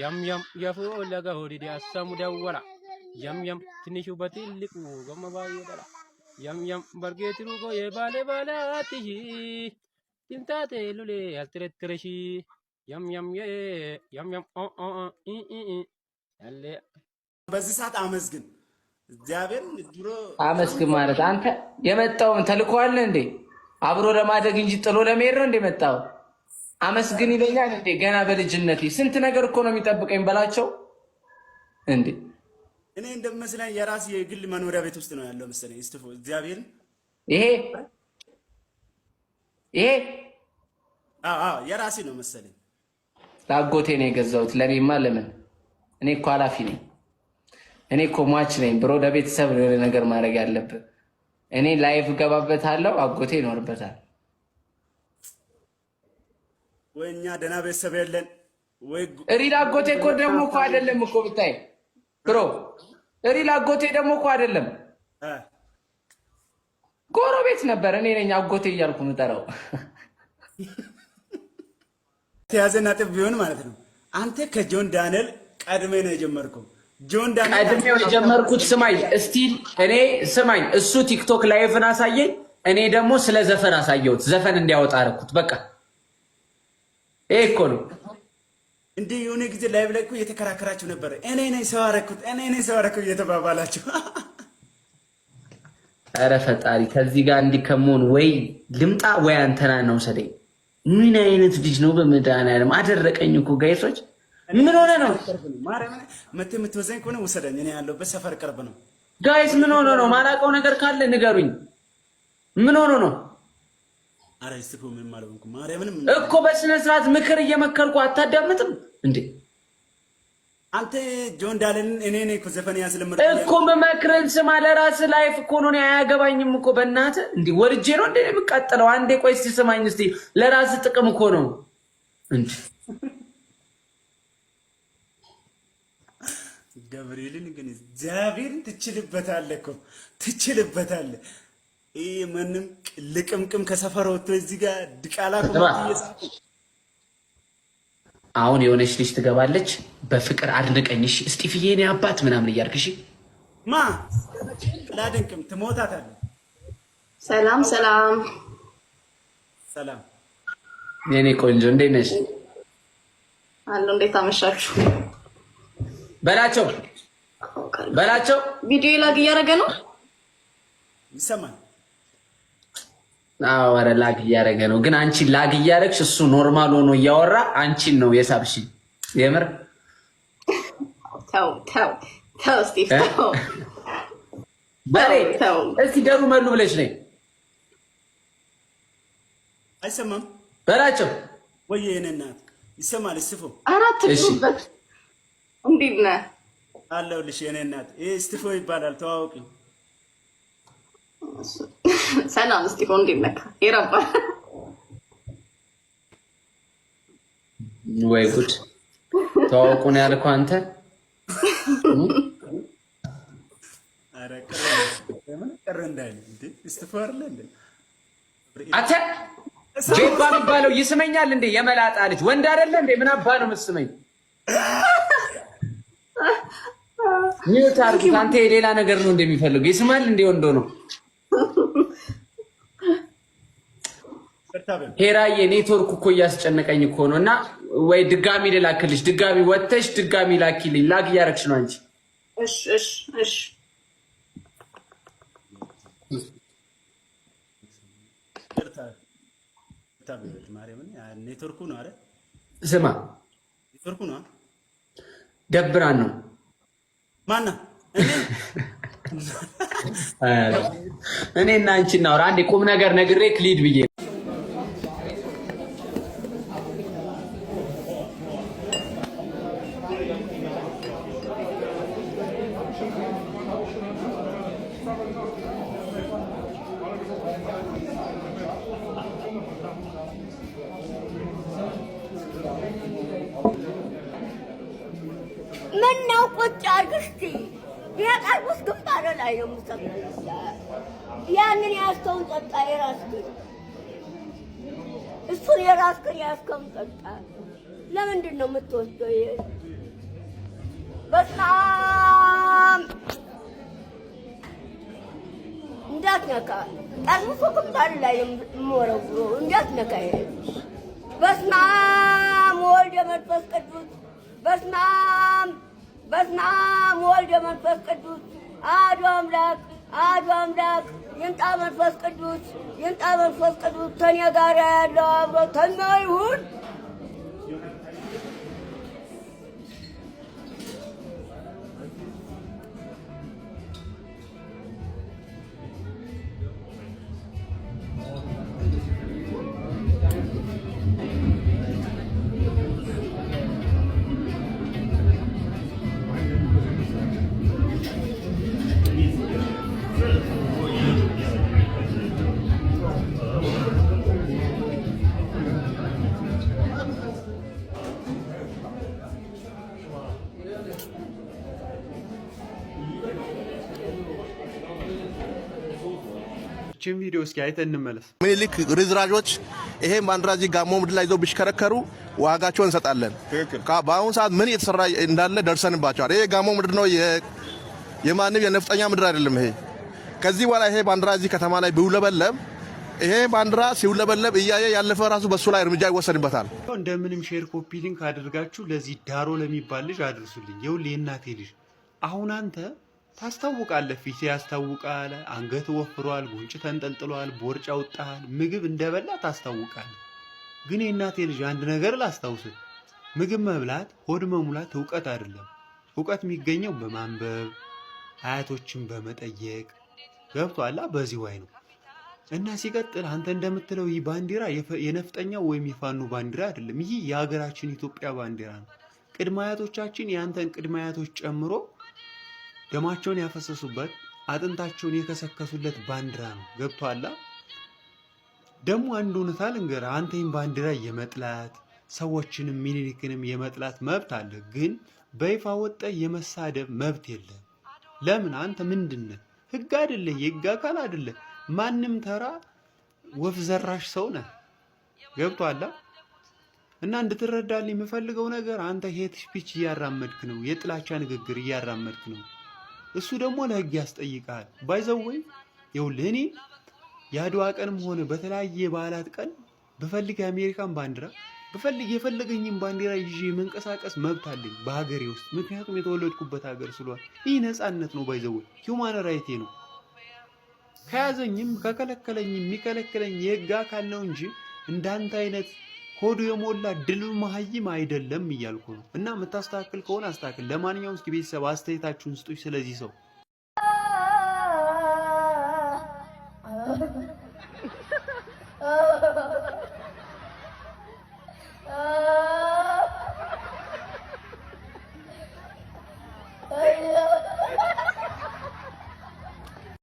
የምየም የፈለገ ሆዲዲ አሰሙ ደወላ የምየም ትንሹ በትልቁ ጎማ ባዬ በላ የምየም በርጌ ትሩቆ የባሌ ባላትሺ ትምታቴ ሉሌ ያልተረትረሺ የምየም በዚህ ሰዓት አመስግን ድሮ አመስግን ማለት አንተ የመጣውን ተልኮ አለ እንዴ አብሮ ለማደግ እንጂ ጥሎ ለመሄድ ነው እንደ መጣው አመስግን ይለኛል እንዴ? ገና በልጅነቴ ስንት ነገር እኮ ነው የሚጠብቀኝ በላቸው እንዴ። እኔ እንደሚመስለኝ የራስ የግል መኖሪያ ቤት ውስጥ ነው ያለው መሰለኝ። ስትፎ እግዚአብሔር ይሄ ይሄ የራሴ ነው መሰለኝ። ለአጎቴ ነው የገዛሁት። ለእኔማ ለምን እኔ እኮ ኃላፊ ነኝ። እኔ እኮ ሟች ነኝ ብሮ ለቤተሰብ የሆነ ነገር ማድረግ ያለብን እኔ ላይፍ እገባበታለሁ፣ አጎቴ ይኖርበታል። ወይ እኛ ደህና ቤተሰብ የለን ወይ ሪላ አጎቴ እኮ ደግሞ እኮ አይደለም እኮ ብታይ ብሮ ሪላ አጎቴ ደግሞ እኮ አይደለም ጎረቤት ነበር። እኔ ነኝ አጎቴ እያልኩ የምጠራው። ተያዘ ነጥብ ቢሆን ማለት ነው። አንተ ከጆን ዳንኤል ቀድሜ ነው የጀመርከው። ጆን ዳንኤል ቀድሜ የጀመርኩት ስማኝ፣ እስቲል እኔ ስማኝ፣ እሱ ቲክቶክ ላይቭን አሳየኝ፣ እኔ ደግሞ ስለ ዘፈን አሳየሁት። ዘፈን እንዲያወጣ አደረኩት በቃ ይሄ እኮ ነው እንዴ? የሆነ ጊዜ ላይ ብላይ እኮ እየተከራከራችሁ ነበረ። እኔ ነኝ ሰው አደረኩት፣ እኔ ነኝ ሰው አደረኩት እየተባባላችሁ። ኧረ ፈጣሪ ከዚህ ጋር እንዲህ ከመሆን ወይ ልምጣ ወይ አንተና ነው ሰደኝ። ምን አይነት ልጅ ነው በመድኃኒዓለም አደረቀኝ እኮ ጋይሶች። ምን ሆነ ነው ማርያምን የምትወዘኝ ከሆነ ውሰደኝ። እኔ ያለሁበት ሰፈር ቅርብ ነው። ጋይስ ምን ሆኖ ነው? ማላውቀው ነገር ካለ ንገሩኝ። ምን ሆኖ ነው? እኮ በስነ ስርዓት ምክር እየመከርኩ አታዳምጥም እንዴ? አንተ ጆን ዳለን እኔ ነኝ እኮ ዘፈን ያስለምር እኮ መመክርን ስማ። ለራስ ላይፍ እኮ ነው። አያገባኝም እኮ በእናት እንዲ ወልጄ ነው እንደ የምቃጠለው። አንዴ ቆይ እስቲ ስማኝ እስቲ። ለራስ ጥቅም እኮ ነው እንጂ ገብርኤልን ግን እግዚአብሔርን ትችልበታለህ እኮ ትችልበታለህ። ይሄ ማንም ልቅምቅም ከሰፈር ወጥቶ እዚህ ጋር ድቃላ አሁን የሆነች ልጅ ትገባለች። በፍቅር አድንቀኝሽ እስጢፍዬ የኔ አባት ምናምን እያልክ ማ ላድንቅም፣ ትሞታታለ። ሰላም ሰላም ሰላም፣ የኔ ቆንጆ እንዴት ነሽ? አለሁ። እንዴት አመሻችሁ በላቸው በላቸው። ቪዲዮ ላግ እያደረገ ነው ይሰማል አረ ላግ እያደረገ ነው። ግን አንቺ ላግ እያደረግሽ እሱ ኖርማል ሆኖ እያወራ አንቺን ነው የሳብሽ። የምር እስቲ ደሩ መሉ ብለሽ ነይ አይሰማም በላቸው ወይ የእኔ እናት ይሰማል። ስፎ አራት እንዴት ነህ አለሁልሽ እናት። ይባላል። ተዋወቂ ሰላም እስጢፎን እንዴት ነህ? የረባ ወይ ጉድ ተዋውቁ ነው ያልከው አንተ። አንተ ጄባ የሚባለው ይስመኛል እንዴ? የመላጣ ልጅ ወንድ አይደለ እንዴ? ምን አባ ነው መስመኝ? ሚዩት አድርጊት። አንተ የሌላ ነገር ነው እንደሚፈልገው ይስማል እንዴ? ወንዶ ነው ሄራዬ ኔትወርክ እኮ እያስጨነቀኝ እኮ ነው። እና ወይ ድጋሚ ልላክልሽ፣ ድጋሚ ወተሽ ድጋሚ ላኪልኝ። ላክ እያረግሽ ነው አንቺ። ኔትወርኩ ነው አይደል? ስማ ኔትወርኩ ነው። ደብራን ነው ማና እኔ እና አንቺ እናወራ አንዴ ቁም ነገር ነግሬ ክሊድ ብዬ ምነው ቁጭ አድርግሽ የቀልቡስ ግንባር ላይ ነው ያንን ያዝከውን ጠጣ። የራስህን እሱን የራስህን ያዝከውን ጠጣ። ለምንድን ነው የምትወስደው? በጣም እንዳትነካ ጠርሙሱ ክምታል ላይ የምወረውሮ እንዳትነካ። በስመ አብ ወልድ መንፈስ ቅዱስ በስመ አብ በስመ አብ ወልድ ቅዱስ አሐዱ አምላክ አሐዱ አምላክ። ይምጣ መንፈስ ቅዱስ ይምጣ መንፈስ ቅዱስ ጋር ያለው አብሮ እችን ቪዲዮ እስኪ አይተን እንመለስ። ምኒልክ ርዝራዦች ይሄ ባንዲራ እዚህ ጋሞ ምድር ላይ ይዘው ቢሽከረከሩ ዋጋቸው እንሰጣለን። በአሁኑ ሰዓት ምን እየተሰራ እንዳለ ደርሰንባቸዋል። ይሄ ጋሞ ምድር ነው፣ የማንም የነፍጠኛ ምድር አይደለም። ይሄ ከዚህ በኋላ ይሄ ባንዲራ እዚህ ከተማ ላይ ቢውለበለብ ይሄ ባንዲራ ሲውለበለብ እያየ ያለፈ ራሱ በሱ ላይ እርምጃ ይወሰድበታል። እንደምንም ሼር ኮፒ ሊንክ አድርጋችሁ ለዚህ ዳሮ ለሚባል ልጅ አድርሱልኝ። የሁሌ የእናቴ ልጅ አሁን አንተ ታስታውቃለህ። ፊት ያስታውቃል። አንገት ወፍሯል፣ ጉንጭ ተንጠልጥሏል፣ ቦርጫ አውጣል፣ ምግብ እንደበላ ታስታውቃለህ። ግን የእናቴ ልጅ አንድ ነገር ላስታውስ፣ ምግብ መብላት፣ ሆድ መሙላት እውቀት አይደለም። እውቀት የሚገኘው በማንበብ አያቶችን በመጠየቅ ገብቷላ፣ በዚህ ዋይ ነው እና ሲቀጥል አንተ እንደምትለው ይህ ባንዲራ የነፍጠኛው ወይም የፋኖ ባንዲራ አይደለም። ይህ የሀገራችን ኢትዮጵያ ባንዲራ ነው። ቅድመ አያቶቻችን የአንተን ቅድመ አያቶች ጨምሮ ደማቸውን ያፈሰሱበት አጥንታቸውን የከሰከሱለት ባንዲራ ነው። ገብቷላ ደግሞ አንድ እውነታ ልንገርህ፣ አንተ ይህን ባንዲራ የመጥላት ሰዎችንም ሚኒሊክንም የመጥላት መብት አለ፣ ግን በይፋ ወጠ የመሳደብ መብት የለም። ለምን? አንተ ምንድን ህግ አይደለ፣ የህግ አካል አይደለ፣ ማንም ተራ ወፍ ዘራሽ ሰው ነህ። ገብቷላ እና እንድትረዳልኝ የምፈልገው ነገር አንተ ሄት ስፒች እያራመድክ ነው፣ የጥላቻ ንግግር እያራመድክ ነው። እሱ ደግሞ ለህግ ያስጠይቃል። ባይዘወይ ይኸውልህ እኔ የአድዋ ቀንም ሆነ በተለያየ በዓላት ቀን ብፈልግ የአሜሪካን ባንዲራ ብፈልግ የፈለገኝም ባንዲራ ይዤ የመንቀሳቀስ መብት አለኝ በሀገሬ ውስጥ ምክንያቱም የተወለድኩበት ሀገር ስለሆነ ይህ ነፃነት ነው። ባይዘወይ ሂውማን ራይቴ ነው። ከያዘኝም ከከለከለኝም የሚከለክለኝ የህግ አካል ነው እንጂ እንዳንተ አይነት ሆዱ የሞላ ድል መሀይም አይደለም እያልኩ ነው። እና የምታስተካክል ከሆነ አስተካክል። ለማንኛውም እስኪ ቤተሰብ አስተያየታችሁን ስጡኝ ስለዚህ ሰው